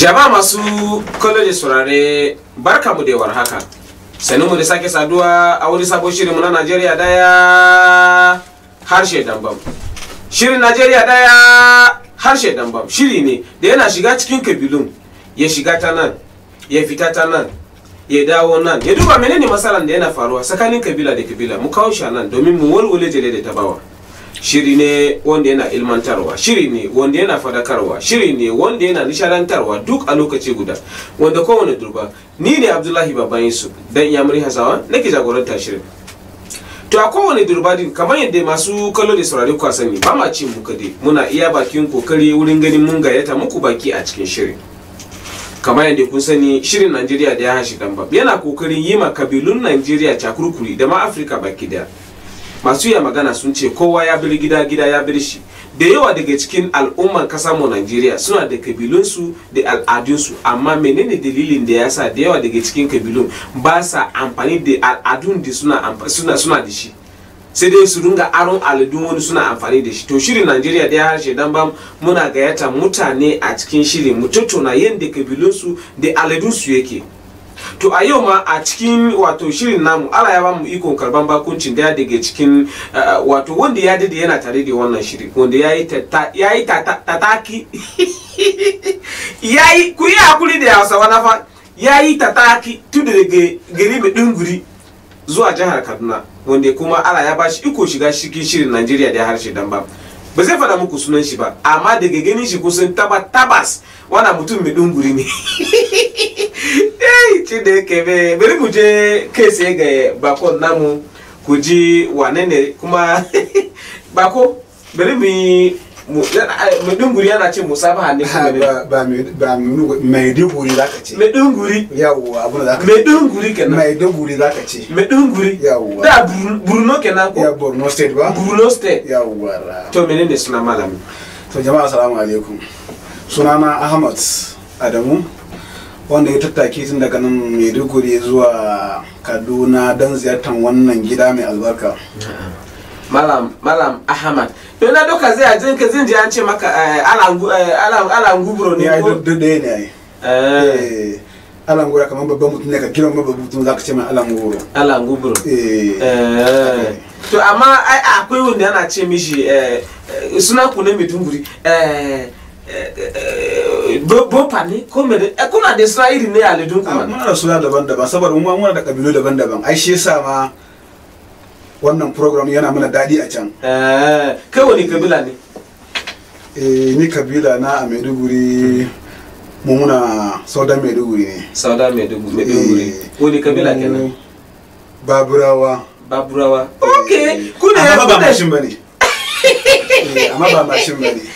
jama'a masu kallo surare barka mu da haka sanin mu da sake saduwa a wani sabon mu na najeriya daya harshe dambam shirin najeriya daya harshe dambam shiri ne da yana shiga cikin kabilun ya shiga ta nan ya fita ta nan ya dawo nan ya duba menene matsalan da yana faruwa tsakanin kabila da kabila mu kawo shi nan domin mu walwale jale da tabawa shiri ne wanda yana ilmantarwa shiri ne wanda yana fadakarwa shiri ne wanda yana nishadantarwa duk a lokaci guda wanda kowane durba ni ne abdullahi baban yusuf dan iyamuri hasawa nake jagoranta shirin to a kowane din kamar yadda masu kalo da saurari kwa sani ba ma ce muka dai muna iya bakin kokari wurin ganin mun gayyata muku baki a cikin shirin kamar yadda kun sani shirin najeriya da ya hashi dan yana kokarin yi ma kabilun najeriya cakurkuri da ma afirka baki daya masu ya magana sun ce kowa ya bir gida gida ya bir shi da yawa daga cikin al'umman kasar mu Najeriya suna da kabilunsu da al'adunsu amma menene dalilin da yasa da yawa daga cikin kabilun ba sa amfani da al'adun da suna suna suna da shi sai dai su dinga aron aladun wani suna amfani da shi to shirin najeriya da harshe dan ba muna gayyata mutane a cikin shirin mu tattauna yadda kabilunsu da aladunsu yake to a yau ma a cikin wato shirin namu ala ya bamu ikon karban bakuncin daya daga cikin eh, wato wanda ya dade yana tare da wannan shiri wanda ya yi tataki ya yi ku yi hakuri da hausawa na fa ya yi tataki tun daga gari mai dinguri zuwa jihar kaduna wanda kuma ala ya bashi iko shiga cikin shirin najeriya da harshe dan ba ba zai faɗa muku sunan shi ba amma daga ganin shi kusan taba tabas wana mutum mai dunguri ne eh chineke be bari mu je kai sai ga bakon namu ku ji wane ne kuma bako bari mu mu dunguri yana ce musa b'a kuma ne ba ba mai dunguri ka ce mai dunguri yawwa abun zaka mai dunguri kenan mai dunguri zaka ce mai dunguri yawwa da Bruno kenan ko ya Borno state ba Bruno state yawwa to menene suna malami to jama'a assalamu alaikum sunana ahmad adamu wanda ya tattake tun daga nan maiduguri zuwa kaduna don ziyartar wannan gida mai albarka malam malam ahmad to na doka zai ajin ka zin an ce maka eh, eh, alan gubro ne ya duk da ne ai eh. alan gubro kamar babban mutum ne ka kiran babban mutum zaka ce mai alan gubro alan gubro eh to amma ai akwai wanda yana ce mishi suna ku ne mai dunguri eh bofani ko mene kuna da suna iri ne a ledun kuma muna da suna daban-daban saboda mu muna da kabilu daban-daban ai shi yasa ma wannan program yana mana daɗi a can eh, kai wani kabila ne eh ni kabila na a maiduguri mu muna saudan maiduguri ne saudan maiduguri eh, wani kabila kenan baburawa baburawa eh, ok kuna ya kuna amma ba mashin bane amma ba mashin bane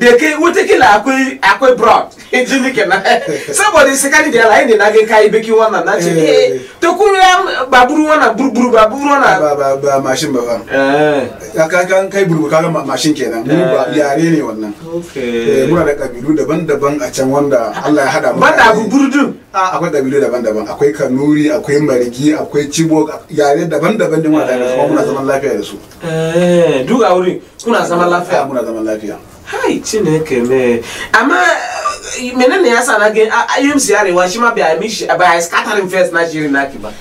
da kai watakila akwai akwai broad jini kenan saboda sakani da yalayin da na ga kayi bikin wannan na ce eh to kuma ya baburu wannan burburu baburu wannan ba ba ba mashin ba ba eh ka kan kai burburu ka ga mashin kenan ba yare ne wannan okay eh, muna da kabilu daban-daban a can wanda Allah ya hada mu banda burburu din akwai kabilu daban-daban akwai kanuri akwai marigi akwai cibo yare daban-daban din wanda eh. kuma muna zaman lafiya da su eh duk a wuri kuna zaman lafiya eh, muna zaman lafiya hai chineke mee ama menene ya sana gị ayomsi arịwa chimabịa scattering first na chiri na akiba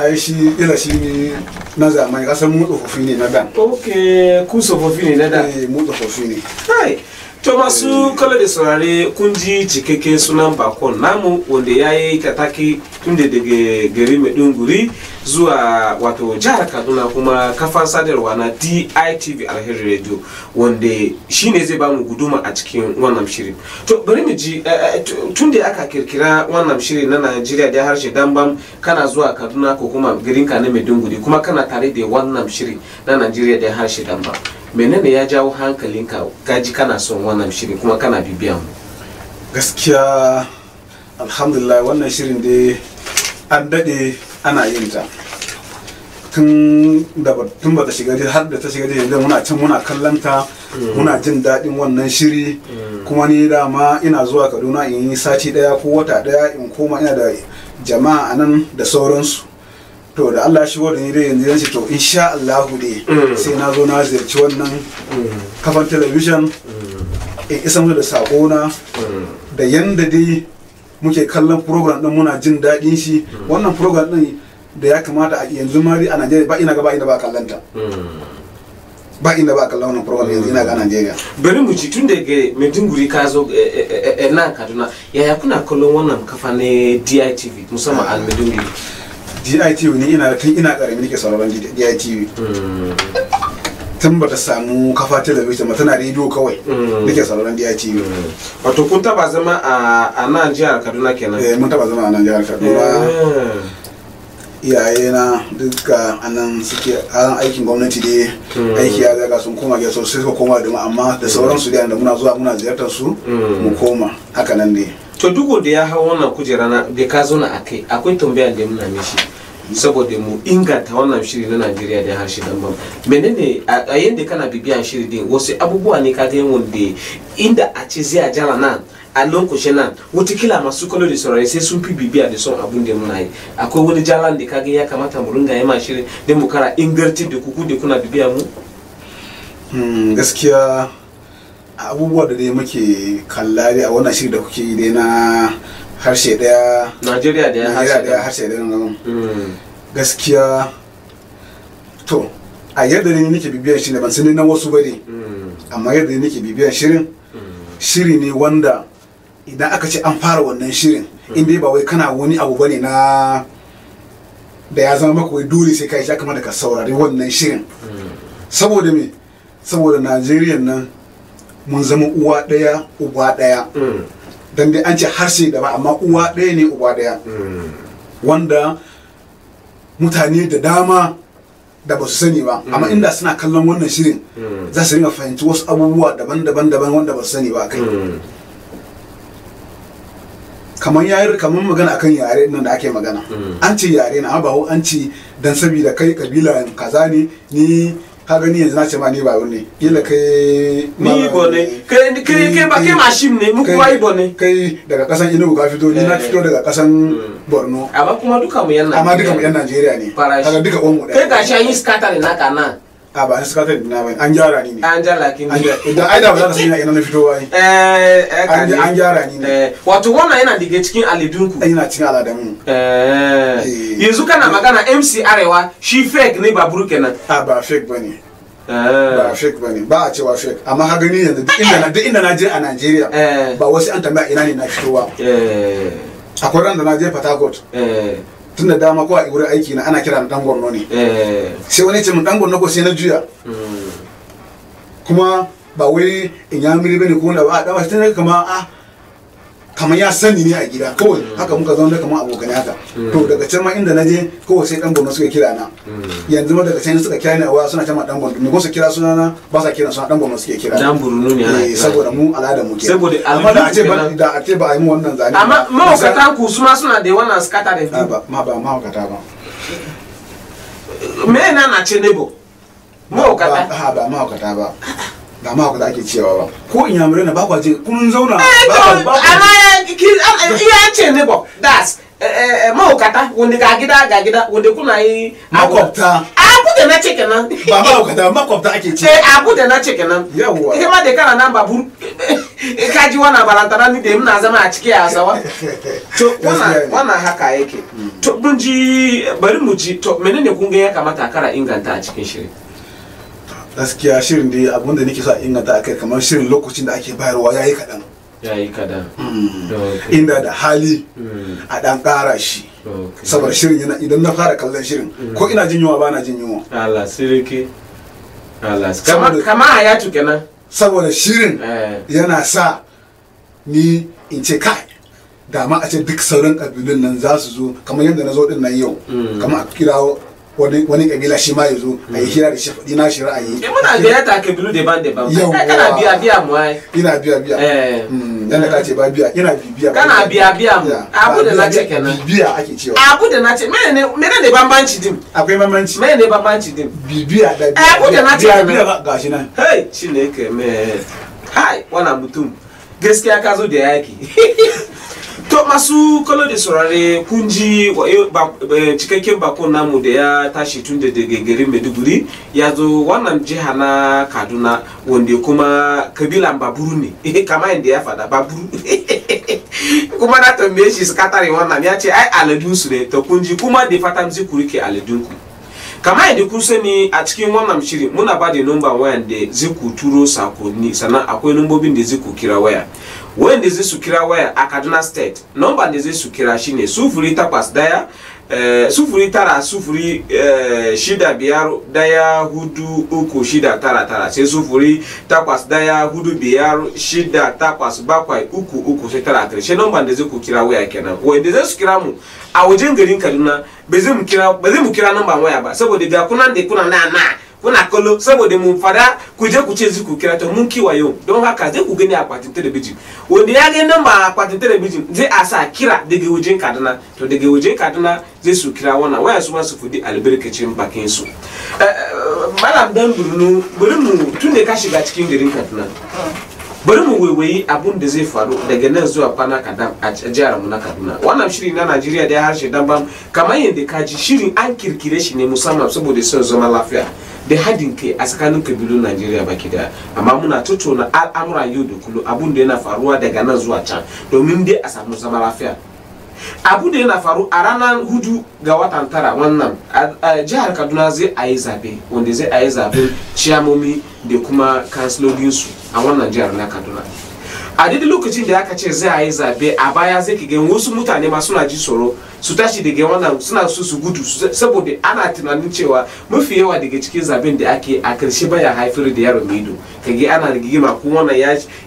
ai shi ila shi ne na zamani kasan mu tsofaffi ne na dan oke ku tsofaffi ne na dan eh mu tsofaffi ne hai to masu kala da saurare kun ji cikakken sunan bakon na wanda ya yi kataki tunde da daga dunguri zuwa wato jihar kaduna kuma kafan sadarwa na ditv alheri radio wanda shine zai bamu guduma a cikin wannan shirin to bari mu ji eh, eh, tun da aka kirkira wannan shiri na najeriya da harshe dambam kana zuwa kaduna ko kuma ka na maiduguri kuma kana tare da wannan shiri na najeriya da harshe dambam menene ya jawo hankalinka gaji kana son wannan shiri kuma kana bibiyan mu gaskiya alhamdulillah wannan shirin dai an daɗe ana yin ta tun da tun ba ta shiga har da ta shiga yanzu muna can muna kallon ta muna jin daɗin wannan shiri kuma ni dama ina zuwa kaduna in yi sati ɗaya ko wata daya in koma ina da jama'a anan nan da sauransu to da Allah shigo da ni dai yanzu yanzu to insha Allahu dai sai na zo na ziyarci wannan kafan talabijin in isa da sakona da yanda dai muke kallon program din muna jin daɗin shi hmm. wannan program din da ya kamata a yanzu ma a Najeriya ba ina ga ba ina ba kallanta hmm. ba ina ba kallon wannan program yanzu ina ga hmm. Najeriya bari mu ci tun daga Maiduguri ka zo eh, eh, eh, nan Kaduna yaya kuna kallon wannan kafa ne DITV musamman al Maiduguri DITV ne ina tun ina karami nake sauraron DITV tun ba ta samu kafa talabijin tana rediyo kawai mm. nake sauraron DITV mm. wato kun taba zama a nan jihar Kaduna kenan eh mun taba zama a nan jihar Kaduna eh. iyaye na duka anan suke an aikin gwamnati dai mm. aiki ya zaga sun koma gida sosai suka koma da amma da sauransu dai da muna zuwa muna ziyartar su mu koma haka nan ne to duk da ya hau wannan kujera na da ka zo na akai akwai tambaya da muna mishi saboda mu inganta wannan shiri na najeriya da harshe dan menene a yadda kana bibiyan shiri din wasu abubuwa ne ka kaga yin wanda inda a ce zai a jara nan a lokacin nan watakila masu kallo da saurari sai sun fi bibiya da son abun da muna yi akwai wani jalan da kaga ya kamata mu ringa yi ma shiri don mu kara ingarci da kuku da kuna bibiya mu hmm, gaskiya abubuwa da dai muke kalla a wannan shiri da kuke yi dai na harshe daya najeriya daya harshe daya harshe nan hmm. gaskiya to a yadda ne nake bibiyar shi ne ban sani na wasu bane hmm. amma yadda ne nake bibiyar shirin hmm. shiri ne wanda idan aka ce an fara wannan shirin inda ba wai kana wani abu bane na da ya zama maka wai dole sai ka yi kamata ka saurari wannan shirin saboda me saboda najeriya nan mun zama uwa daya uba daya dan dai an ce harshe da ba amma uwa ɗaya ne uba ɗaya hmm. wanda mutane da dama da ba su sani ba amma hmm. inda suna kallon wannan shirin hmm. za su ringa fahimci wasu abubuwa daban-daban daban wanda ba su sani ba kai kamar yayar kamar magana akan yare nan da ake magana an ce yare na ba an ce dan saboda kai kabila kaza ne ni ka gani yanzu na ce ma ni ba ne kila kai ni ibo ne kai kai ba kai mashim ne mu kuwa ibo ne kai daga kasan inugu ka fito ni na eh. fito daga kasan hmm. borno amma kuma duka mu yan najeriya amma duka mu yan najeriya ne kaga duka uwan mu kai gashi an yi skata ne naka nan Aba nisikate ninawe anjara nini? Anjara lakini. aida wala sina ina mfito Eh eh anjara nini? Eh watu wona ina dige cikin aledunku. Ina cikin aladamu. Eh, eh. eh. yanzu kana magana MC Arewa shi fake ne ba buru Aba fake bane. Eh. ba fake bane ba a cewa fake amma ha gani yanzu inda na duk inda na je a Najeriya ba wasu an tambaya ina ne na fitowa akwai na je Port Harcourt tun da dama ko a wurin aiki na ana kira dan gwarno ne eh. sai wani ce mun dan gwarno ko sai na juya hmm. kuma ba wai in ya miri bane ko na ba a dama sai na kama ah, kamar ya sani ne a gida kawai mm. haka muka zauna kamar abokan haka mm. to daga can ma inda naje kawai sai dan borno suka kira na mm. yanzu ma daga can suka kira ni a waya suna cewa dan borno ko su kira suna na ba sa kira suna dan borno suke kira dan borno ne ana eh, saboda mu al'ada mu ke saboda amma da ce ba da a ba a yi mu wannan zane amma mahaukata ku su ma suna da wannan scatter da ah, ba ma ba ma mahaukata ba me na na ce ne bo nebo ha ba ma mahaukata ba ba ma ku da ake cewa ba ko in yamurai na ba ku je kun zauna ba ba amma eh, iya ce ne ba das eh, eh, mahaukata wanda ga gida ga gida wanda kuna yi makwabta abu da na ce kenan ba mahaukata makwabta ake ce abu da na ce kenan yawwa ihe ma da kana nan ba bur ka ji wannan balantana ni da yi muna zama a ciki a sawa to wana haka yake to mun ji bari mu ji to menene kun ga ya kamata a kara inganta a cikin shirin gaskiya shirin da abinda nake so a inganta a kai kamar shirin lokacin da ake bayarwa ya yi kaɗan yayi hmm. inda da hali hmm. a ɗan ƙara shi saboda shirin yana idan na fara kallon shirin hmm. ko ina jin yunwa ba na jin yunwa Allah siriki Allah kama kenan saboda shirin eh. yana sa ni in ce kai dama a ce duk sauran kabilun nan za su zo kamar yadda na zo din nan yau kamar a kirawo wani kabila shi ma ya zo a yi hira da shi faɗi na shi ra'ayi. Eh muna biya ta kabilu daban daban. Yawwa. Kana biya biya mu ai. Ina biya biya. Eh. Hmm, yana ka ce ba biya ina bibiya. Kana biya biya mu. Abu da na ce kenan. Bibiya ake cewa. Abu da na ce mene ne mene ne bambanci din. Akwai bambanci. Mene ne bambanci din. Bibiya da biya. Abu da na ce. Biya biya ga shi nan. Hey Chineke me. Hai wannan mutum. Gaskiya ka zo da yaki. to masu kallo da saurare kun ji eh, eh, cikakken bakon namu da ya tashi tun da daga garin maiduguri ya wannan jiha na kaduna wanda kuma kabilan baburu ne kama yadda ya fada baburu kuma na tambaye shi sakatare wannan ya ce ai su ne to kun ji kuma da mu zikuri ke aladun ku kama yadda kun sani a cikin wannan shirin muna ba da numba wayan da ziku turo sakonni sannan akwai numbobin da ziku kira waya wanda zai su kira waya a kaduna state nɔmba da zai su kira shine sufuri takwas daya eh, sufuri tara sufuri eh, shida biyar daya hudu uku shida tara tara sai sufuri takwas daya hudu biyar shida takwas bakwai uku uku sai tara karshe nomba da zai ku kira waya kenan wanda zai su kira mu a wajen garin kaduna ba zai mu kira nɔmba waya ba sabu saboda ga kunan da kunan na na kuna kolo saboda mun fada ku je ku ce ku kira ta mun kiwa yau don haka zai ku gani a akwatin talabijin wanda ya ga nan ba akwatin talabijin zai a sa kira daga wajen kaduna to daga wajen kaduna zai su kira wannan waya su ma su fudi albarkacin bakin su eh, eh, malam dan burnu bari mu tun da ka shiga cikin garin kaduna bari mu waiwayi abun da zai faru daga nan zuwa kwana kadan a jihar mu na kaduna wannan shiri na najeriya da ya harshe dan bam kamar yadda ka ji shirin an kirkire shi ne musamman saboda son zama lafiya da hadin kai a tsakanin kabilun najeriya baki daya amma muna tattauna al'amura yau da kullum abun da yana faruwa daga nan zuwa can domin dai a samu zama lafiya abu da yana faru a ranar hudu ga watan tara wannan jihar kaduna zai a yi zabe wanda zai a yi zaɓen ciyamomi da kuma kansiloginsu a wannan jihar na kaduna a daidai lokacin da aka ce zai a yi zabe a baya zai kige wasu mutane ma suna ji tsoro su tashi daga wannan suna so su gudu saboda ana tunanin cewa mafi yawa daga cikin zaben da ake a karshe baya haifar da yaron mido kage ana rigima ko wannan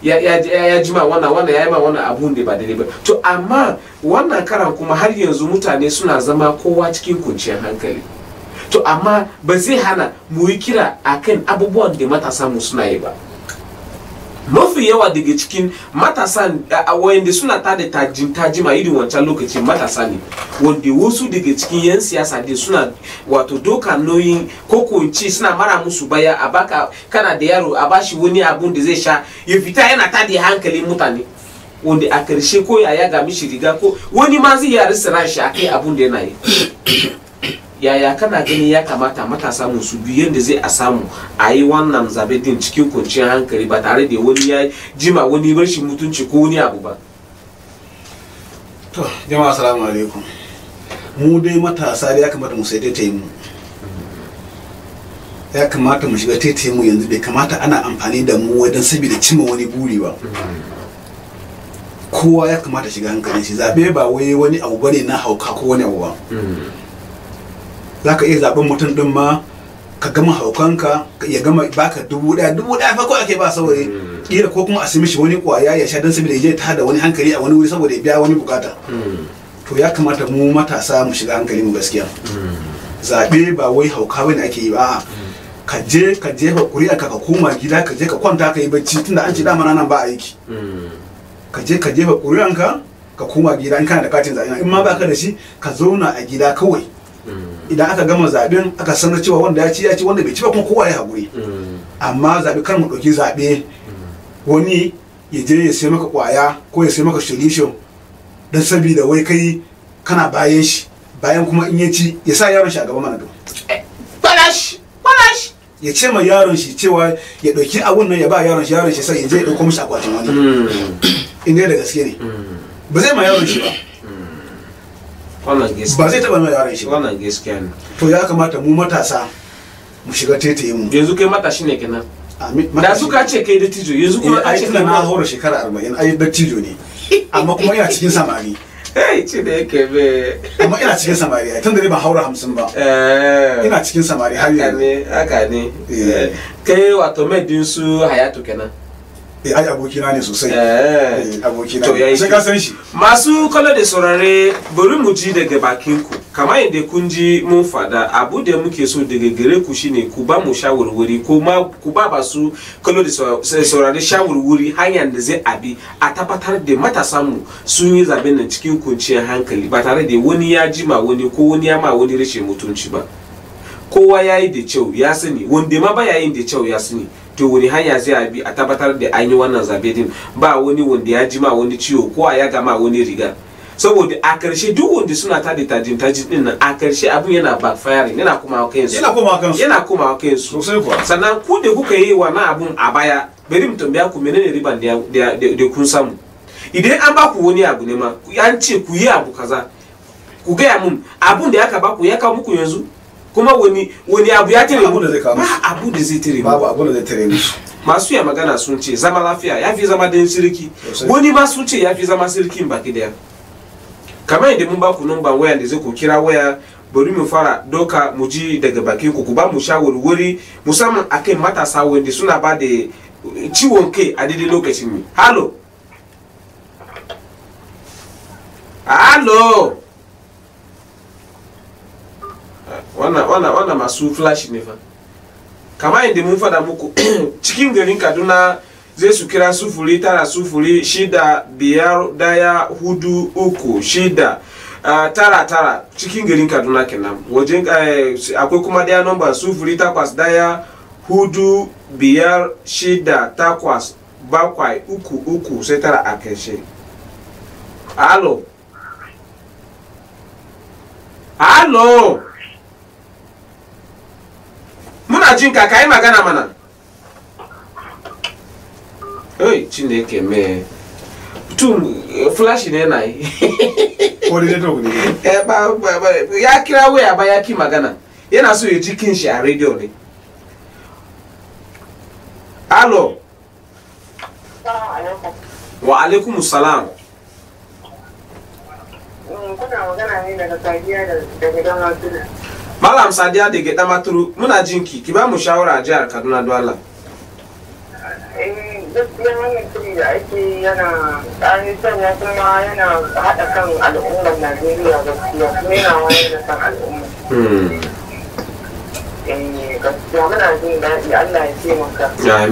ya ya ma wannan wannan ya yi ma wannan abun da ba daidai ba to amma wannan karan kuma har yanzu mutane suna zama kowa cikin kunciyar hankali to amma ba zai hana mu yi kira akan abubuwan da matasa mu suna yi ba mafi yawa daga cikin matasa eh, wayanda suna tada tajin tajima irin wancan lokacin matasa ne wanda wasu daga cikin yan siyasa dai suna wato doka nauyin ko kunci suna mara musu baya a baka kana da yaro a bashi wani abun da zai sha ya fita yana tada hankali mutane wanda a karshe ko yaya ga mishi riga ko wani ma zai yari sira shi akai abun da yana yi yaya kana gani ya kamata matasa mu su biyu yadda zai a samu a yi wannan zabe din cikin kunciyar hankali ba tare da wani ya jima wani rashin mutunci ko wani abu ba to jama'a assalamu alaikum mu dai matasa ya kamata mu sai ta mu ya kamata mu shiga ta mu yanzu bai kamata ana amfani da mu wajen saboda cimma wani buri ba kowa ya kamata shiga hankali shi zabe ba wai wani abu bane na hauka ko wani abu ba hmm. za ka iya zaɓen mutum ɗin ma ka gama haukanka ya gama baka dubu ɗaya dubu ɗaya fa ko ake ba saurayi ƙila ko kuma a simi wani ƙwaya ya sha don saboda ya je ta da wani hankali a wani wuri saboda ya biya wani bukata to ya kamata mu matasa mu shiga hankali mu gaskiya zaɓe ba wai hauka bane ake yi ba ka je ka je ka kuri'a ka koma gida ka je ka kwanta ka yi bacci tunda an ce dama nan ba aiki ka je ka jefa ƙuri'anka ka koma gida in kana da katin zaɓe in ma baka da shi ka zauna a gida kawai Mm. idan aka gama zaben aka sanar cewa wanda ya ci ya ci wanda bai ci ba kuma kowa ya haƙuri mm. amma zaɓe kan mu ɗauki zaɓe mm. wani ya je ya sai maka ƙwaya ko ya sai maka solution don sabida wai kai kana bayan shi bayan kuma in ya ci ya sa yaron shi a gaba mana gaba balash eh, balash ya ce ma yaron shi cewa ya ɗauki abun nan ya ba yaron shi yaron shi sai ya je ya ɗauko mishi akwatin wani in dai da gaske ne ba zai ma yaron shi ba wannan gaskiya ba zai taba mai yaran shi wannan gaskiya ne to ya kamata mu matasa mu shiga tetaye mu yanzu kai matashi ne kenan da suka ce kai dattijo yanzu kuma eh, a cikin na haura shekara 40 ai dattijo ne amma kuma ina cikin samari Hey, ci da yake be. Amma ina cikin samari ai, tunda ne ba haura hamsin ba. Eh. Ina cikin samari har yanzu. Haka ne, haka ne. Eh. Kai wato mai din su Hayatu kenan. eh ai abokina ne sosai eh, eh abokina sai ka san shi masu kallo da saurare bari mu ji daga bakin ku kamar yadda kun ji mun fada abu da muke so daga gare ku shine ku ba mu shawarwari ko ma ku ba ba kallo da saurare shawarwari hanyar da zai abi a tabbatar da matasan mu sun yi zaben nan cikin kunciyar hankali ba tare da wani ya jima wani ko wani ya ma wani rashin mutunci ba kowa ya yi da kyau ya sani wanda ma ba ya da kyau ya sani to wani hanya sai a bi a tabbatar da an yi wannan zabe din ba wani wanda ya jima wani ciwo ko a ya gama wani riga saboda a karshe duk wanda suna ta da tajin tajin din nan a karshe abin yana backfiring yana kuma kansu yana kuma kansu yana kuma kansu sannan ku da kuka yi na abun a baya bari mu tambaya ku menene riban da kun samu idan an ba ku wani abu ne ma an ce ku yi abu kaza ku gaya mun abun da aka ba ku ya kawo muku yanzu kuma wani wani abu ya tare abu da zai kawo abu da zai tare babu abu da zai tare musu masu ya magana sun ce zama lafiya ya fi zama dan sirki wani ma sun ce ya fi zama sirkin baki daya kamar idan mun ba ku numban waya da zai ku kira waya bari mu fara doka mu ji daga bakin ku ku ba mu shawarwari musamman akan matasa wanda suna ba da ciwon kai a daidai lokacin mu halo halo wana masu flash ne fa kamar inda mun fada muku cikin garin kaduna zai su kira sufuri tara sufuri shida biyar daya hudu uku shida uh, tara tara cikin garin kaduna kenan wajen eh, akwai kuma daya nomba sufuri takwas daya hudu biyar shida takwas bakwai uku uku sai tara a kashe alo alo muna jin ka kai magana mana oi chineke mee tum eh, flash ne na yi eh, ya kira waya ba ya ki magana yana so ya kinshi a radio ne alo wa alaikum salam mm, kuna magana ne daga tagiya da gidan wasu malam sadiya da gida maturu muna jinki ki ba mu shawara a jihar kaduna duwala eh, yana kan yana kan al'umma hmm. eh, allah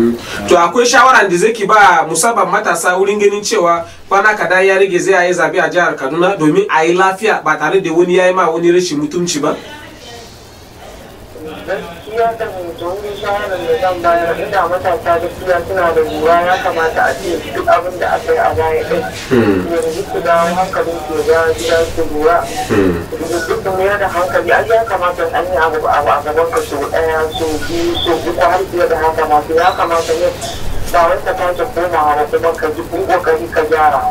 to akwai shawara da zai ki ba musamman matasa wurin ganin cewa kwana kada ya rage zai yi zabi a jihar kaduna domin a yi lafiya ba tare da wani ya yi ma wani rashin mutunci ba gaskiya da wani da zan bayar ina matasa gaskiya suna da yiwuwa ya kamata a ce duk abin da aka a baya ɗin yanzu su dawo hankalin su ga su lura duk su da hankali ai ya kamata an yi abu a gaban ka sau ɗaya sau biyu sau uku har fiye da haka masu ya kamata ne ba wai ka tashi komawa ba kuma ka ji kokari ka gyara.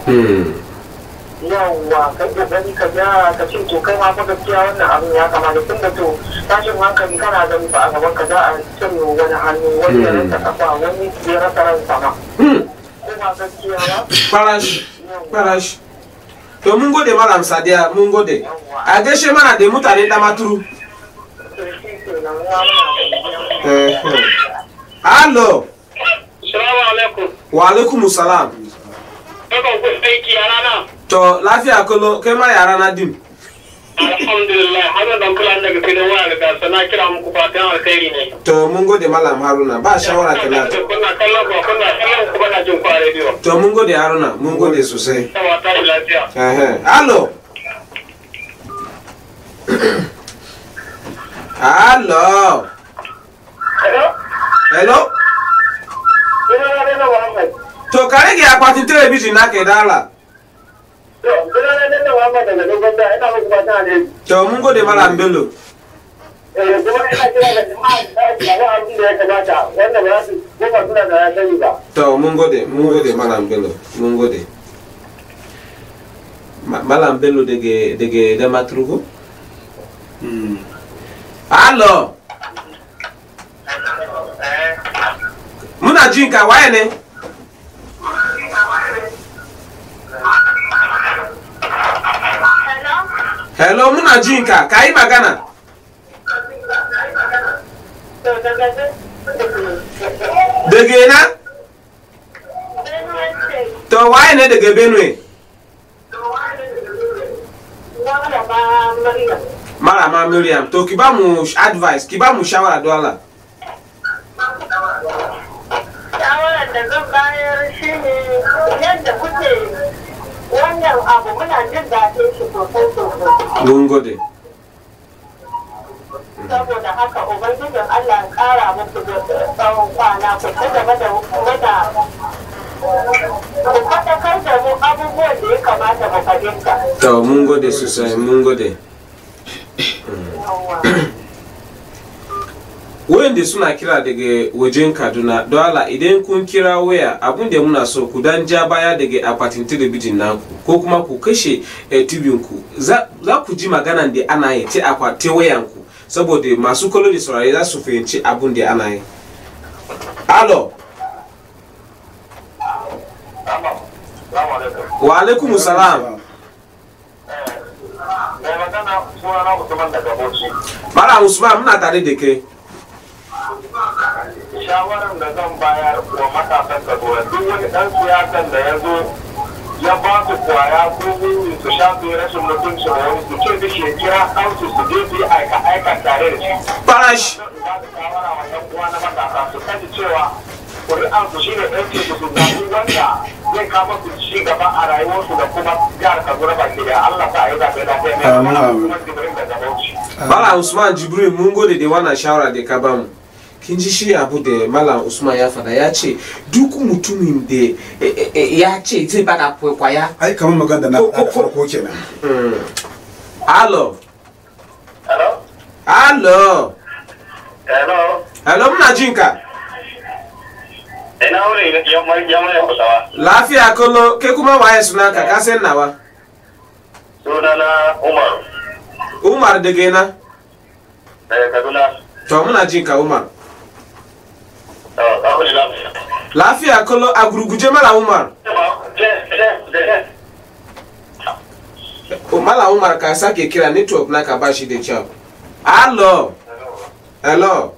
yawwa kai kokari ka ga ka ce to kai ma fa gaskiya wannan abin ya kamata tun da to tashin hankali kana ganin ba a gaban ka za a cire wani hannu wani ya rasa kafa wani ya rasa ransa ma hmm. ko ba gaskiya ba farashi farashi to mun gode malam sadiya mun gode a gaishe mana da mutane da maturu eh, eh. Alo. Salamu alaikum. Wa alaikum salam. Kakan kun aiki a rana? to lafiya kalo kai ma yara na dim alhamdulillah haka dan kula daga kai dan wani daga sana kira muku fatan alkhairi ne to mun gode malam haruna ba shawara ta na to kuna kallon ko kuna kallon ku bana jin ku a radio to mun gode haruna mun gode sosai yawa ta lafiya eh eh allo allo hello hello to kare ge akwatin television na ke dala to mun gode de bello eh kuma ina kira da jama'a da abin da ya de wanda ba su kuma suna da ya sani ba to mun gode mun gode malam bello mun gode malam bello daga daga da matrugo hmm allo waye ne hello Muna jinka ka magana? maga na dege na to waye ne mara ma miriam to kibamu advice Kibamu shower mu shawara do Allah shawarar da zan bayar wannan abu muna jin daɗin shi sosai sosai. Mun gode. Saboda haka Ubangijin Allah ya ƙara da tsawon kwana ku ci gaba da kuma da ku faɗakar da mu abubuwan da ya kamata mu fahimta. Tawa mun gode sosai mun gode. wayanda suna kira daga wajen kaduna dole idan kun kira waya muna so ku dan ja baya daga akwatin talabijin naku ko kuma ku kashe eh, tibin ku za ku ji magana da ana yi ta wayan ku saboda masu kallo da za su fahimci abin da ana yi alo wa alaikum salam Mara Usman muna tare da shawaran da zan bayar wa matasan Kaduna duk wani dan siyasan da ya zo ya ba su kwaya ko gungun su sha rashin mutunci da wani su ce da shi kira ɗan su su je su yi aika aika tare da shi. Barash. su uwa na matasa su kaji cewa ƙuri'an su shine ɗan ce su wanda zai kama su ci gaba a rayuwarsu da kuma jihar Kaduna ba ke da Allah ta yi kuma da Bala Usman Jibril mun gode da wannan shawara da ka bamu. kin ji shi abu da malam usman ya fada ya ce duk mutumin da eh, eh, eh, ya ce zai bada kwaya ai kamar magana da na farko kenan hmm. alo alo alo hello hello muna jin ka ina wuri yamma ya kusawa lafiya kolo ke kuma waye suna ka ka san nawa sunana umar umar daga ina daga kaduna to muna jin ka umar lafiya kolo a mala umar mala umar ka sake kira network naka ba shi da kyau alo hello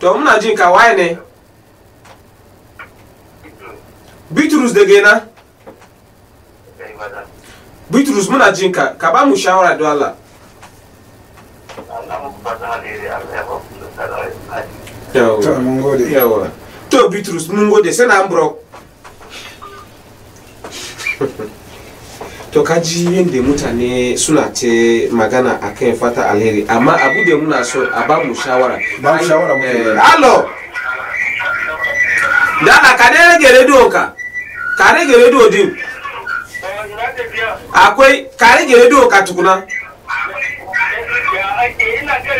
to muna jin ka waye ne bitrus da gena bitrus muna jin ka ka ba mu shawara da Allah yawa to bitrus mun gode sai na ambro to kaji yadda mutane suna ce magana a kan fata alheri amma abu da muna so a ba mu shawara ba mu shawara mu eh, da na ka ne gere do ka ka gere do din eh, akwai ka gere do ka tukuna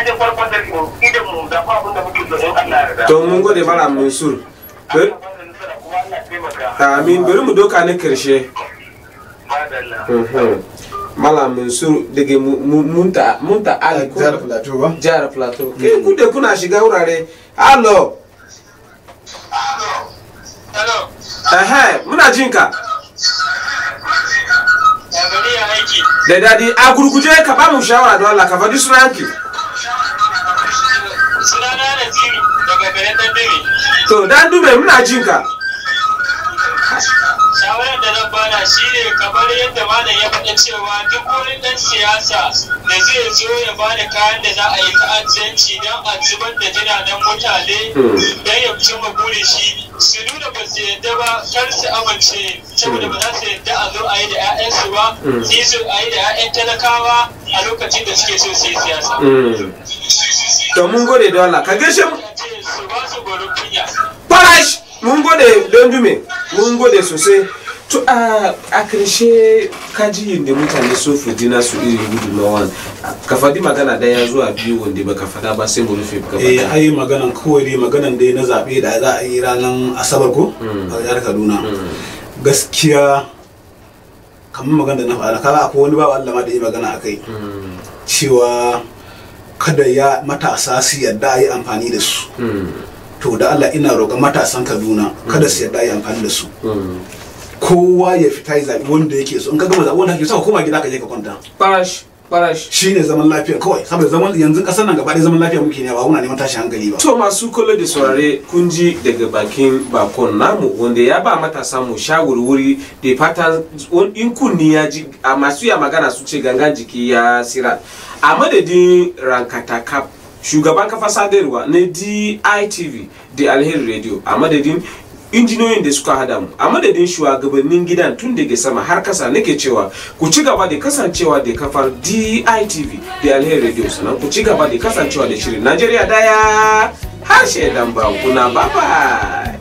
ka farkon da idan mu da ba abin da muke so in Allah ya to mun gode mara mun sur amin bari mu doka na karshe mhm. Malam Mansur daga munta munta ala ku jihar plateau ba jihar plateau hmm. ku da kuna shiga wurare Allo. Allo. eh muna jin ka da dadi a gurguje ka ba mu shawara don Allah ka faɗi sunanki to dan dube muna jin ka shawarar da zan bana shi ne kamar yadda malam ya faɗa cewa duk wani ɗan siyasa da zai zo ya bada kayan da za a yi ta'addanci don a zubar da jiragen mutane hmm. don ya cimma burin shi su nuna ba su yadda ba kar su amince saboda ba za su yadda a zo a yi da 'ya'yansu ba hmm. su zo a yi da 'ya'yan talakawa a lokacin da suke so su yi siyasa. Hmm. to mun gode da Allah ka gaishe mu Farash! Mun gode don dume, mun gode sosai. To a karshe kaji da mutane sun fuji su iri gudunmawan ka faɗi magana daya zuwa biyu wanda baka faɗa ba sai mu rufe gaba. Eh ai maganan kawai dai maganan dai na zaɓe da za a yi ranar Asabar ko? Hmm. A jihar Kaduna. Hmm. Gaskiya kamar magana da na faɗa kaga akwai wani babu Allah ma da yi magana akai. Hmm. Cewa kada ya matasa su yadda yi amfani da su to da Allah ina roƙa matasan Kaduna kada su yadda yi amfani da su kowa ya fita ya zaɓi wanda yake so in ka gama zaɓi wanda yake so ka koma gida ka je ka kwanta farash farash shine zaman lafiya kawai saboda zaman yanzu kasar nan gaba ɗaya zaman lafiya muke ne ba muna neman shi hankali ba to masu kula da saurare kun ji daga bakin bakon namu wanda ya ba matasa mu shawarwari da fata in kunni ya ji masu ya magana su ce gangan jiki ya sira a madadin rankata shugaban kafa sadarwa na ditv da alheri radio a madadin injiniyoyin da suka hada mu a madadin shugabannin gidan tun daga sama har kasa nake cewa ku ci gaba da kasancewa da kafar DITV da alheri radio sannan ku ci gaba da kasancewa da shirin Najeriya daya harshe dan bakuna bye bye